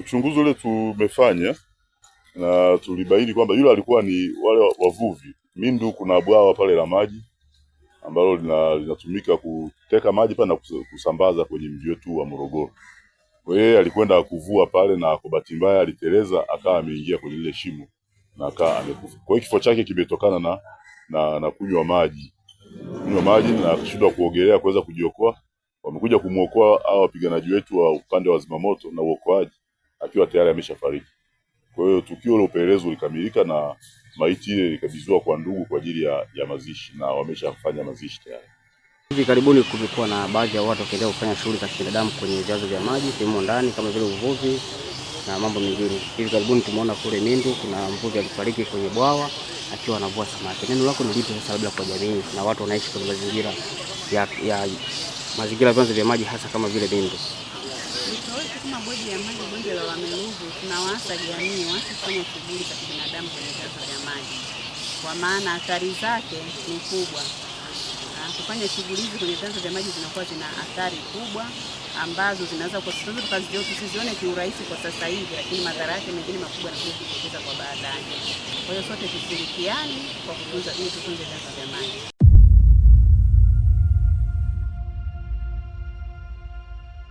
Uchunguzi ule tumefanya na tulibaini kwamba yule alikuwa ni wale wavuvi Mindu. Kuna bwawa pale la maji ambalo linatumika kuteka maji pale na kusambaza kwenye mji wetu wa Morogoro. Kwa hiyo alikwenda kuvua pale na kwa bahati mbaya aliteleza akawa ameingia kwenye lile shimo na akawa amekufa. Kwa hiyo kifo chake kimetokana na, na, na kunywa maji kunywa maji na kushindwa kuogelea kuweza kujiokoa. Wamekuja kumwokoa hao wapiganaji wetu wa upande wa zimamoto na uokoaji akiwa tayari ameshafariki. Kwa hiyo tukio la upelelezi ulikamilika na maiti ile ilikabidhiwa kwa ndugu kwa ajili ya, ya mazishi na wameshafanya mazishi tayari. Hivi karibuni kulikuwa na baadhi ya watu wakiendelea kufanya shughuli za kibinadamu kwenye vyanzo vya maji ikiwemo ndani kama vile uvuvi na mambo mengine. Hivi karibuni tumeona kule Mindu kuna mvuvi alifariki kwenye bwawa akiwa anavua samaki. Neno lako ni lipi sasa, labda kwa jamii na watu wanaishi kwenye mazingira ya, ya mazingira ya vyanzo vya maji hasa kama vile Mindu? kama bodi ya maji bonde la Wamilugu tunawaasa jamii waache kufanya shughuli za kibinadamu kwenye vyanzo vya maji, kwa maana athari zake ni kubwa. Ah, kufanya shughuli hizi kwenye vyanzo vya maji zinakuwa zina athari kubwa ambazo zinaweza tusizione kiurahisi kwa sasa hivi, lakini madhara yake mengine makubwa yanakuja kujitokeza kwa baadaye. Kwa hiyo sote tushirikiane kwa kutunza ili tutunze vyanzo vya maji.